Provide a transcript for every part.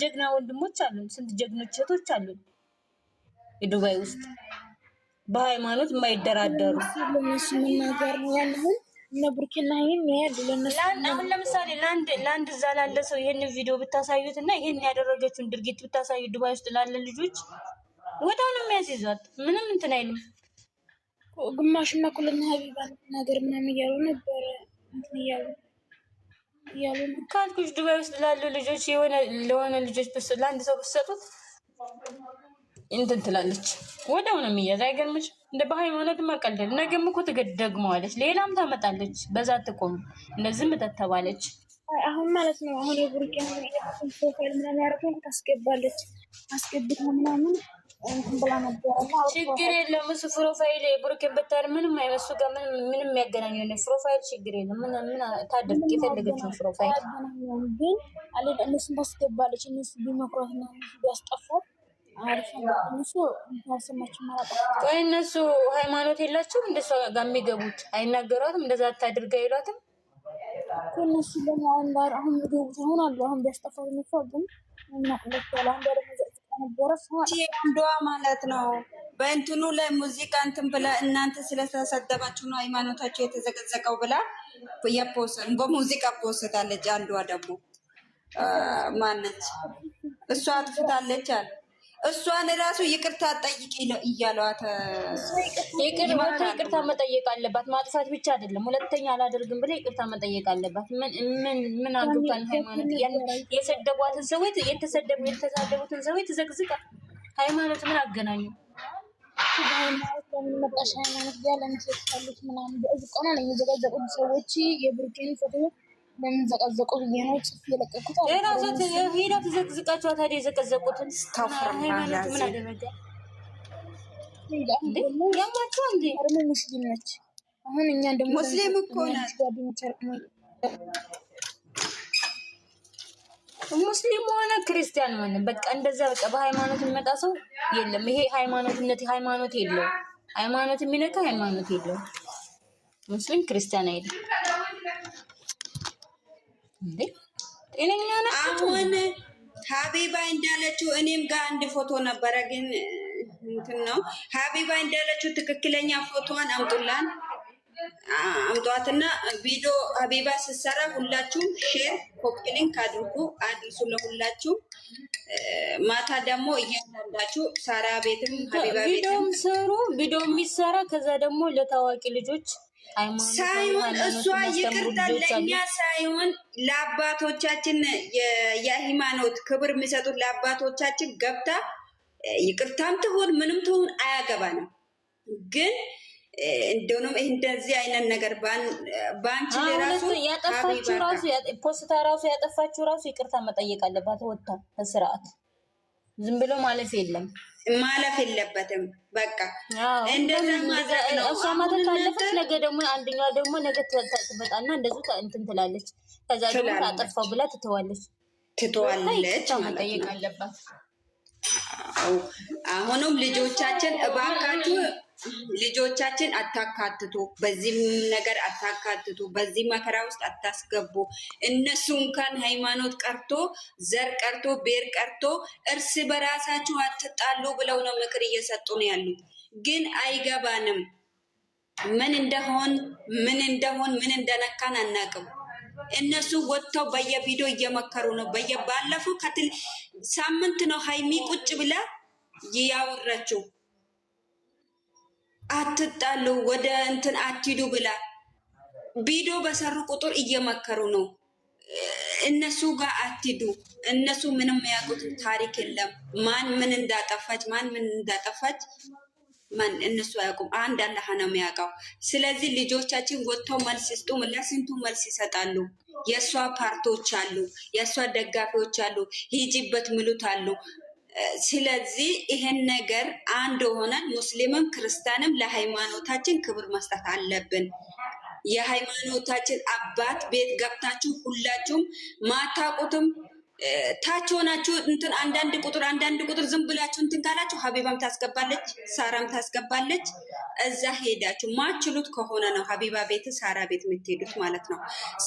ጀግና ወንድሞች አሉን፣ ስንት ጀግኖች እህቶች አሉን የዱባይ ውስጥ በሃይማኖት የማይደራደሩ አሁን ለምሳሌ ለአንድ እዛ ላለ ሰው ይህን ቪዲዮ ብታሳዩት እና ይህን ያደረገችውን ድርጊት ብታሳዩት ዱባይ ውስጥ ላለ ልጆች ወዲያው ነው የሚያስይዟት። ምንም እንትን አይልም። ግማሽና ኩልና ሀቢባ ነገር ምናምን እያሉ ነበረ እንትን እያሉ እያሉ ነው ካልኩሽ፣ ዱባይ ውስጥ ላሉ ልጆች የሆነ ለሆነ ልጆች ለአንድ ሰው ብትሰጡት እንትን ትላለች፣ ወደው ነው የሚያዝ። አይገርምሽ? እንደ በሃይማኖትም አቀልደል ነገም እኮ ትደግመዋለች፣ ሌላም ታመጣለች። በዛ ትቆም እንደዚህ ምጠተባለች። አሁን ማለት ነው አሁን የቡርቂ ፕሮፋይል ምናምን ያደረገን ታስገባለች አስገብታ ምናምን ችግር የለም። እሱ ፕሮፋይል ብሩኬን ብታል ምንም አይመሱ ጋር ምንም የሚያገናኝ ሆነ ፕሮፋይል ችግር የለም። ምን ምን ታደርግ የፈለገችው ፕሮፋይል ግን አለ እነሱን ታስገባለች። እነሱ ቢመክሯት እና እነሱ አሪፍ ነው። እነሱ ታሰማች ማለት ወይ እነሱ ሃይማኖት የላቸውም። እንደሷ ጋር የሚገቡት አይናገሯትም። እንደዛ አታድርጋ ይሏትም እነሱ ደግሞ አሁን አሁን ገቡት አሁን አሉ አሁን ቢያስጠፋት ነው ግን እና ሁለት ያለ አንዷ ማለት ነው በእንትኑ ላይ ሙዚቃ እንትን ብላ እናንተ ስለተሰደባችሁ ነው ሃይማኖታቸው የተዘቀዘቀው ብላ የፖስት በሙዚቃ ፖስታለች። አንዷ ደግሞ ማነች እሷ አጥፍታለች አለ እሷን ራሱ ይቅርታ ጠይቅ እያለዋት ይቅርታ መጠየቅ አለባት። ማጥፋት ብቻ አይደለም፣ ሁለተኛ አላደርግም ብለ ይቅርታ መጠየቅ አለባት። ምን ምን ምን አግብቷን ሃይማኖት የሰደቧትን ሰዎች የተሰደቡ የተሳደቡትን ሰዎች ዘቅዝቃ ሃይማኖት ምን አገናኙ? ሃይማኖት ለምን መጣሽ? ሃይማኖት ጋር ለምትሳሉት ምናምን በእዚህ ቆና ነው የሚዘጋዘቁት ሰዎች የብሩኬን ፎቶ ለምንዘቀዘቁ ዘቀዘቁ ብዬ ነው ጽፍ የለቀኩት። ራሳት ሄዳ ተዘቅዝቃቸዋ ታዲያ የዘቀዘቁትን ሃይማኖት ምን አደረገ? ያማቸው እንዴ እርም ሙስሊም ነች። አሁን እኛ ደግሞ ሙስሊም እኮ ሙስሊም ሆነ ክርስቲያን ሆነ በቃ እንደዛ በቃ በሃይማኖት የሚመጣ ሰው የለም። ይሄ ሃይማኖትነት ሃይማኖት የለው ሃይማኖት የሚነካ ሃይማኖት የለው ሙስሊም ክርስቲያን አይደለም። ጤነኛ አሁን ሀቢባ እንዳለችው እኔም ጋር አንድ ፎቶ ነበረ፣ ግን እንትን ነው። ሀቢባ እንዳለችው ትክክለኛ ፎቶዋን አምጡላን አምጧትና ቪዲዮ ሀቢባ ስትሰራ ሁላችሁም ሼር ኮፒሊንክ አድርጉ አድርሱ ለሁላችሁ። ማታ ደግሞ እያንዳንዳችሁ ሳራ ቤትም ሀቢባ ቤትም ስሩ ቪዲዮ የሚሰራ ከዛ ደግሞ ለታዋቂ ልጆች ሳይሆን እሷ ይቅርታ ለእኛ ሳይሆን ለአባቶቻችን የሃይማኖት ክብር የሚሰጡት ለአባቶቻችን ገብታ ይቅርታም ትሆን ምንም ትሆን አያገባንም። ግን እንደሆነም እንደዚህ አይነት ነገር በአንቺ ራሱ ያጠፋችው ራሱ ፖስታ ራሱ ያጠፋችሁ ራሱ ይቅርታ መጠየቅ አለባት። ወጥታ በስርዓት ዝም ብሎ ማለፍ የለም። ማለፍ የለበትም። በቃ እንደእሷ ማታ ታለፈች። ነገ ደግሞ አንደኛ ደግሞ ነገ ትመጣና እንደዚ እንትን ትላለች። ከዛ ደግሞ ታጠፋው ብላ ትተዋለች ትተዋለች። መጠየቅ አለባት አሁንም ልጆቻችን እባካችሁ ልጆቻችን አታካትቱ፣ በዚህ ነገር አታካትቱ፣ በዚህ መከራ ውስጥ አታስገቡ። እነሱ እንኳን ሃይማኖት ቀርቶ ዘር ቀርቶ ቤር ቀርቶ እርስ በራሳችሁ አትጣሉ ብለው ነው ምክር እየሰጡ ነው ያሉት። ግን አይገባንም። ምን እንደሆን ምን እንደሆን ምን እንደነካን አናቅም። እነሱ ወጥተው በየቪዲዮ እየመከሩ ነው። በየባለፈው ከትል ሳምንት ነው ሀይሚ ቁጭ ብላ እያወራችው አትጣሉ፣ ወደ እንትን አትሂዱ ብላ ቪዲዮ በሰሩ ቁጥር እየመከሩ ነው። እነሱ ጋር አትሂዱ። እነሱ ምንም ያውቁት ታሪክ የለም። ማን ምን እንዳጠፋች ማን ምን እንዳጠፋች እነሱ አያውቁም። አንድ አላህ ነው የሚያውቀው። ስለዚህ ልጆቻችን ወጥተው መልስ ስጡ። ለስንቱ መልስ ይሰጣሉ። የእሷ ፓርቶች አሉ፣ የእሷ ደጋፊዎች አሉ፣ ሂጂበት ምሉት አሉ። ስለዚህ ይሄን ነገር አንድ ሆነን ሙስሊምም ክርስቲያንም ለሃይማኖታችን ክብር መስጠት አለብን። የሃይማኖታችን አባት ቤት ገብታችሁ ሁላችሁም ማታውቁትም ታች ሆናችሁ እንትን አንዳንድ ቁጥር አንዳንድ ቁጥር ዝም ብላችሁ እንትን ካላችሁ ሀቢባም ታስገባለች፣ ሳራም ታስገባለች። እዛ ሄዳችሁ ማችሉት ከሆነ ነው ሀቢባ ቤት፣ ሳራ ቤት የምትሄዱት ማለት ነው።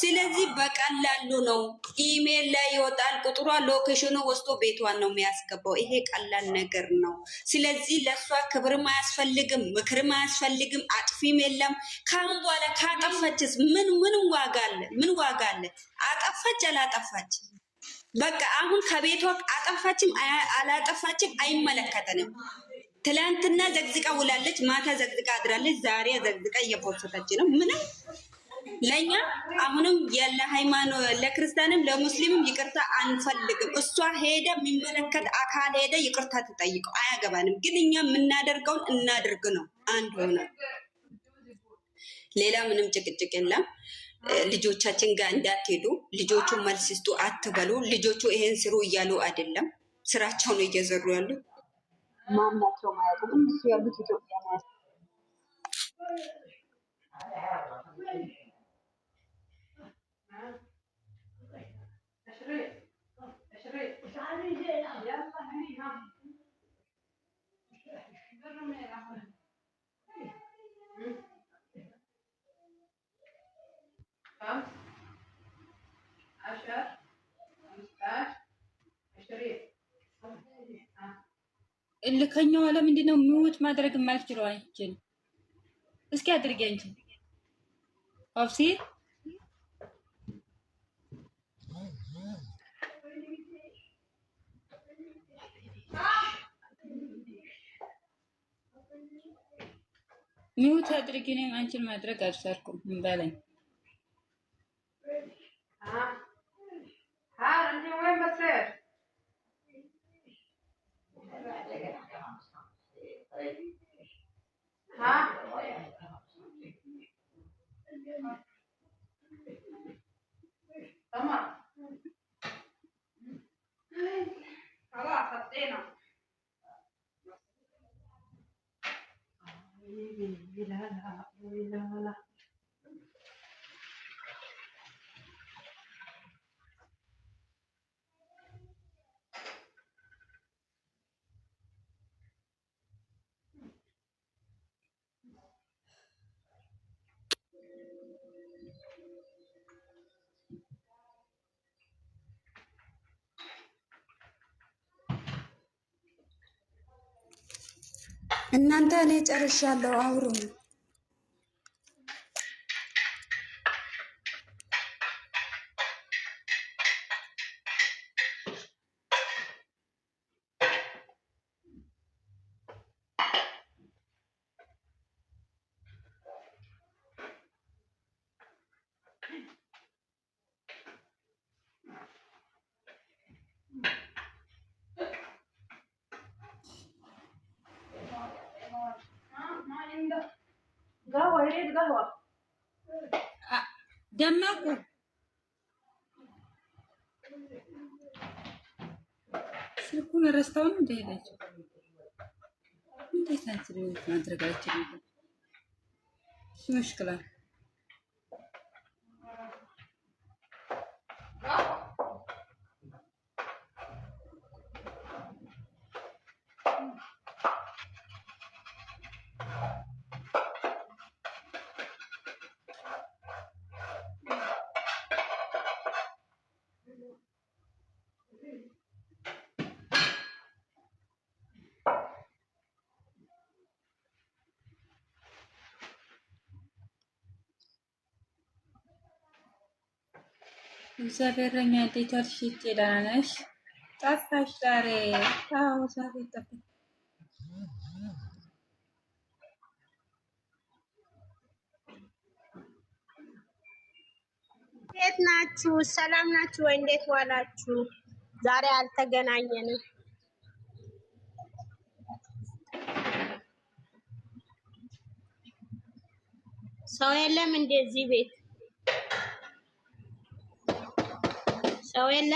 ስለዚህ በቀላሉ ነው፣ ኢሜል ላይ ይወጣል ቁጥሯ፣ ሎኬሽኑ ወስዶ ቤቷን ነው የሚያስገባው። ይሄ ቀላል ነገር ነው። ስለዚህ ለእሷ ክብርም አያስፈልግም፣ ምክርም አያስፈልግም፣ አጥፊም የለም። ካሁን በኋላ ካጠፈችስ ምን ምን ዋጋ አለ? ምን ዋጋ አለ? አጠፋች አላጠፋች በቃ አሁን ከቤቷ አጠፋችም አላጠፋችም አይመለከተንም። ትላንትና ዘግዝቃ ውላለች፣ ማታ ዘግዝቃ አድራለች፣ ዛሬ ዘግዝቃ እየፖሰተች ነው። ምንም ለእኛ አሁንም ለሃይማኖት ለክርስቲያንም ለሙስሊምም ይቅርታ አንፈልግም። እሷ ሄደ የሚመለከት አካል ሄደ ይቅርታ ትጠይቀው አያገባንም። ግን እኛ የምናደርገውን እናድርግ ነው። አንድ ሆነ ሌላ ምንም ጭቅጭቅ የለም። ልጆቻችን ጋር እንዳትሄዱ፣ ልጆቹ መልስ ስጡ አትበሉ። ልጆቹ ይሄን ስሩ እያሉ አይደለም፣ ስራቸውን እየዘሩ ያሉ ማናቸው ማለት ያሉት ኢትዮጵያ እልከኛዋ ለምንድን ምንድነው ሚውት ማድረግ የማልችለው? አንቺን እስኪ አድርጊ አንቺን ኦፍሲ ሚውት አድርጊ። እኔም አንቺን ማድረግ አልቻልኩም እምበለኝ Bilang wala. እናንተ እኔ ጨርሻለሁ አውሩ። ደመቁ ስልኩን ረስታውን እንደሄዳቸው እንዴት ናት ማድረጋቸው ሽመሽክላል እግዚአብሔር ዲቶር ዴቻል ሽጭ ደህና ነሽ? ጠፋሽ ዛሬ። አዎ ዛሬ ጠፋሽ። እንዴት ናችሁ? ሰላም ናችሁ ወይ? እንዴት ዋላችሁ? ዛሬ አልተገናኘንም። ሰው የለም እንደዚህ ቤት Lo ven.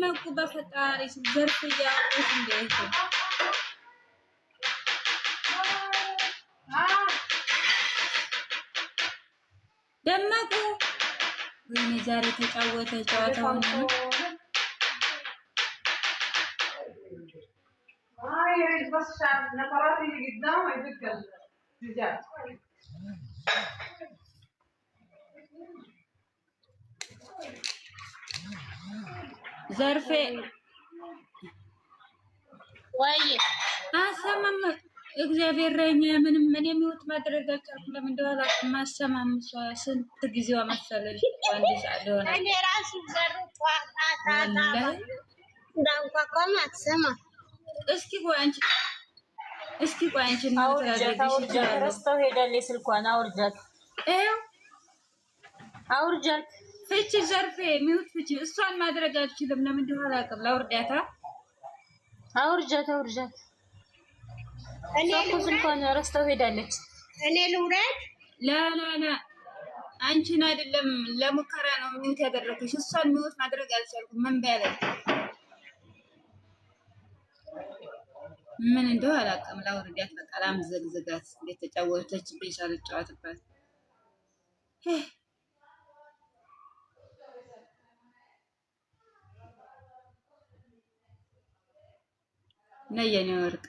ተደነቁ በፈጣሪሽ ዘርፍ እያቁት እንዴት ደነቁ። ወይኔ ዛሬ ተጫወተ ጨዋታውን ዘርፌ ወይ አሰማም እግዚአብሔር ረኛ ምንም ምን የሚወት ማድረግ አልቻልኩም። ለምን እንደው አላውቅም። ስንት ጊዜዋ መሰለሽ ወንድ ሰዓት እኔ ራሱ ዘሩ እስኪ ቆይ እስኪ ቆይ አንቺ ነው ስልኳን አውርጃት፣ ይኸው አውርጃት ፍቺ ዘርፌ ሚውት ፍቺ። እሷን ማድረግ አልችልም። ለምን እንደሆነ አላውቅም። ለውርዳታ አውርጃት አውርጃት። እኔ ስልኳን ረስተው ሄዳለች። እኔ ልውረድ። ላላላ አንቺን አይደለም ለሙከራ ነው ሚውት ያደረኩሽ። እሷን ሚውት ማድረግ አልቻልኩም። ምን በያለ ምን እንደው አላውቅም። ለውርዳት በቃ ላምዘግዝጋት። እንደተጫወተች ቤት አልጫወትባት ነይ የኔ ወርቅ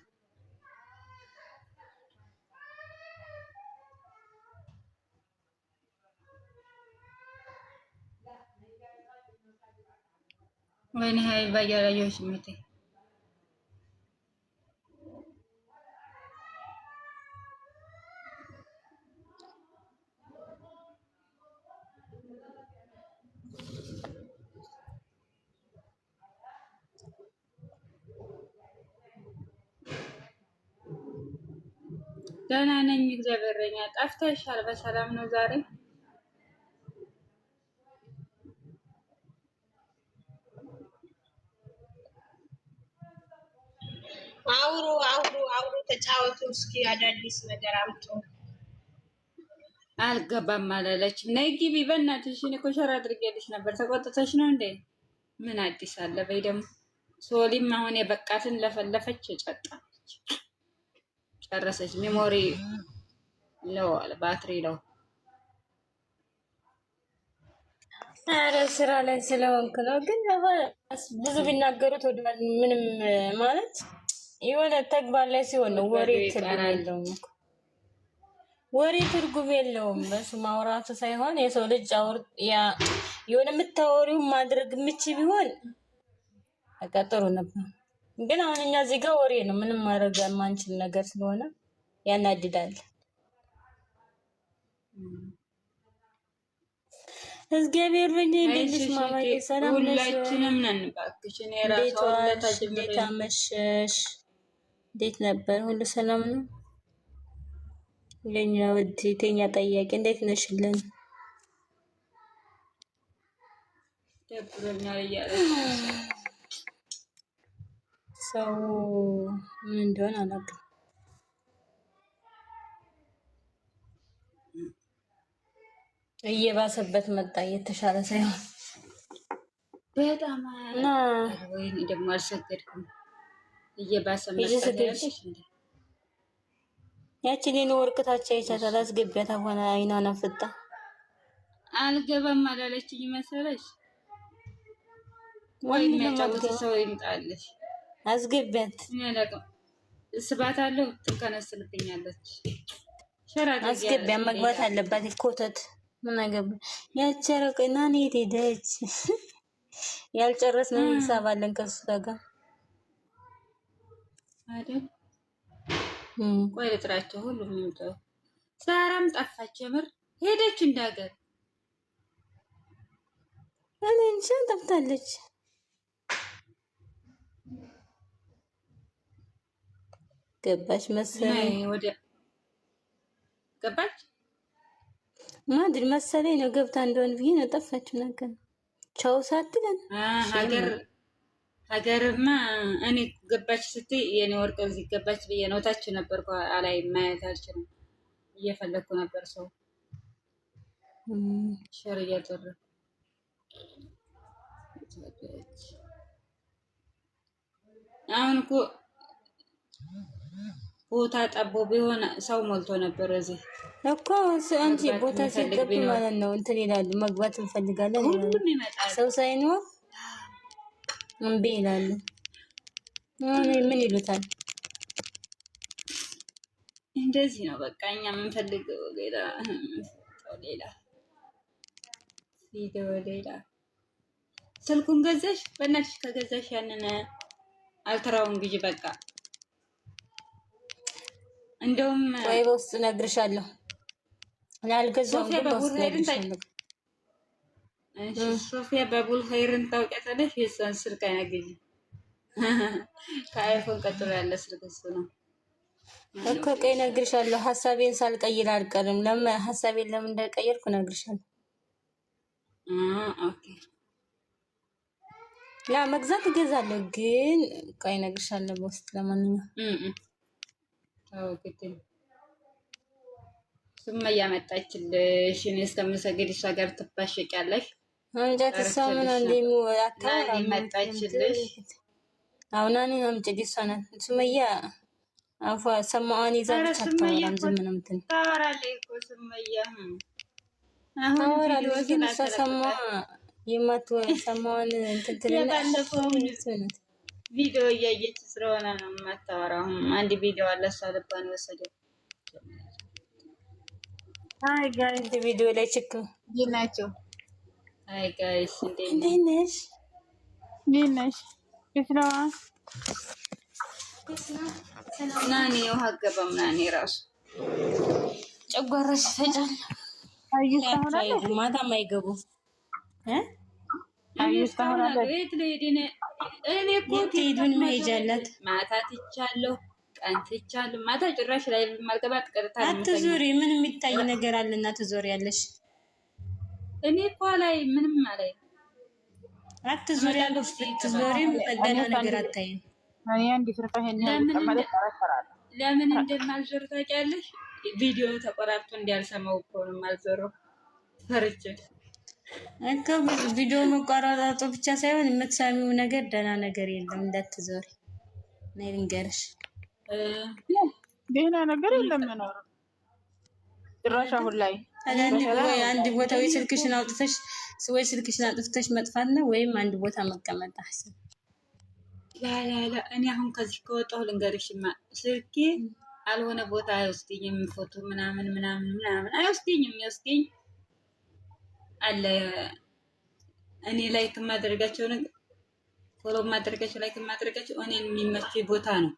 ወይኔ ሀይ ባያላየሁሽ ምቴ ደህና ነኝ፣ እግዚአብሔር ይመስገን። ጠፍተሻል። በሰላም ነው ዛሬ? አውሩ አውሩ አውሩ፣ ተጫወቱ እስኪ፣ አዳዲስ ነገር አምጡ። አልገባም አላለችም። ነይ ግቢ በእናትሽ። እኔ እኮ ሸራ አድርጌልሽ ነበር። ተቆጥተሽ ነው እንዴ? ምን አዲስ አለ? በይ ደግሞ ሶሊም አሁን የበቃትን ለፈለፈች ጨጣለች። ጨረሰች። ሜሞሪ ለው ባትሪ ለው። ኧረ ስራ ላይ ስለሆንክ ነው። ግን ብዙ ቢናገሩት ወደ ምንም ማለት የሆነ ተግባር ላይ ሲሆን ነው። ወሬ ትርጉም የለውም፣ ወሬ ትርጉም የለውም። በሱ ማውራቱ ሳይሆን የሰው ልጅ የሆነ የምታወሪው ማድረግ የምችል ቢሆን በቃ ጥሩ ነበር። ግን አሁን እኛ እዚህ ጋር ወሬ ነው፣ ምንም ማድረግ የማንችል ነገር ስለሆነ ያናድዳል። እግዚአብሔር ብኝ ልልሽ ማማ ሰላም ነሽ? እንዴት አመሸሽ? እንዴት ነበር? ሁሉ ሰላም ነው? ለኛ ውድ የኛ ጠያቂ እንዴት ነሽልን? ደብሮኛል እያለች ሰው ምን እንደሆነ አላውቅም። እየባሰበት መጣ እየተሻለ ሳይሆን በጣም እና ወይኔ ደግሞ አልሰገድኩም። እየባሰ ያችን የኔ ወርቅታቻ ይቻታል አስገቢያት ሆነ አይኗን አፍጣ አልገባም አላለችኝ መሰለሽ ወይ የሚያጫውት ሰው ይምጣልሽ። አስገቢያት ስባት አለው ትከነስልብኛለች። አስገቢያት መግባት አለባት። ኮተት ምን አገባ ያቸረቀና ኔት ሄደች። ያልጨረስነው ሂሳብ ከሱ ጋር አይደል? ቆይ ልጥራቸው። ሁሉም ይምጡ። ሳራም ጠፋች። የምር ሄደች እንዳገር እኔ እንጃ ጠፍታለች። ገባች መሰለኝ ገባች ማድሪ መሰለኝ ነው ገብታ እንደሆን ብዬ ነው ጠፋችው። ነገር ቻው ሳትለን ሀገርማ እኔ ገባች ስትይ የኔ ወርቅ እዚህ ገባች ብዬ ነው ታች ነበር አላይ ማየት አልችልም። እየፈለግኩ ነበር ሰው ሸር እያደረኩ አሁን እኮ ቦታ ጠቦ ቢሆን ሰው ሞልቶ ነበር። እዚህ እኮ አንቺ ቦታ ሲጠብ ማለት ነው እንትን ይላሉ፣ መግባት እንፈልጋለን። ሁሉም ይመጣል፣ ሰው ሳይኖር እምቢ ይላሉ። ምን ይሉታል? እንደዚህ ነው በቃ። እኛ የምንፈልገው ሌላ፣ ሌላ ቪዲዮ፣ ሌላ ስልኩን ገዛሽ። በእናትሽ ከገዛሽ ያንን አልትራውን ግዢ በቃ እንደውም ወይ በውስጥ እነግርሻለሁ። ያልገዛውን ግን በውስጥ እነግርሻለሁ። ሶፊያ በቡል ኸይርን ታውቂያታለሽ? የእሷን ስልክ አያገኝም። ከአይፎን ቀጥሎ ያለ ስልክ እሱ ነው እኮ። ቆይ እነግርሻለሁ። ሀሳቤን ሳልቀይር አልቀርም። ለምን ሀሳቤን ለምን እንደቀየርኩ እነግርሻለሁ። ኦኬ መግዛት እገዛለሁ፣ ግን ቆይ እነግርሻለሁ በውስጥ ለማንኛውም ስማ እያመጣችልሽ እኔ እስከምሰግድ እሷ ጋር ትባሸቂያለሽ። እንጃት እሷ ምን መጣችልሽ? አሁን እኔ አምጪልኝ እሷ ናት ሱመያ አፏ ሰማዋን ይዛ ብቻ አታወራም። ዝም ነው የምትል ታወራለች እኮ ሱመያ ታወራለች፣ ግን እሷ ሰማዋ የማትወ ሰማዋን እንትን ትልና ቪዲዮ እያየች ስለሆነ ነው የማታወራው። አንድ ቪዲዮ አለ እሷ ልባን ወሰደው። አይ ጋይስ ቪዲዮ ላይ ችክ ናቸው። ሀይ ጋይስ እንዴት ነሽ? እንዴት ነሽ? ናኒ ውሃ ገባም ናኒ ራሱ ጨጓራሽ ፈጫል። ማታም አይገቡም ማታ ጭራሽ ላይ ማልገባ ትቀርታ አትዞሪ። ምን የሚታይ ነገር አለና ትዞሪ ያለሽ? እኔ እኮ ላይ ምንም አላይ። አትዞሪ ያለሽ ትዞሪም ነገር አታይም። ለምን እንደማልዞር ታውቂያለሽ? ቪዲዮ ተቆራርጦ እንዲያልሰማው እኮ ነው የማልዞረው ፈርቼ እኮ ቪዲዮ መቋረጣጡ ብቻ ሳይሆን የምትሰሚው ነገር ደህና ነገር የለም። እንዳትዞሪ ልንገርሽ፣ ደህና ነገር የለም። ምኖር ጭራሽ አሁን ላይ አንድ ቦታ ወይ ስልክሽን አውጥተሽ ወይ ስልክሽን አጥፍተሽ መጥፋት ነው ወይም አንድ ቦታ መቀመጥ አስብ። ላላላ እኔ አሁን ከዚህ ከወጣሁ ልንገርሽማ ስልኬ አልሆነ ቦታ አይወስደኝም። ፎቶ ምናምን ምናምን ምናምን አይወስደኝም። የሚወስደኝ አለ እኔ ላይ የማደርጋቸው ነገር ፎሎ የማደርጋቸው ላይ የማደርጋቸው እኔ የሚመች ቦታ ነው።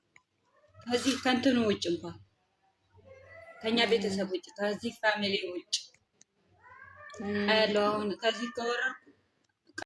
ከዚህ ከእንትኑ ውጭ እንኳን ከኛ ቤተሰብ ውጭ ከዚህ ፋሚሊ ውጭ አያለው አሁን ከዚህ ከወረድኩ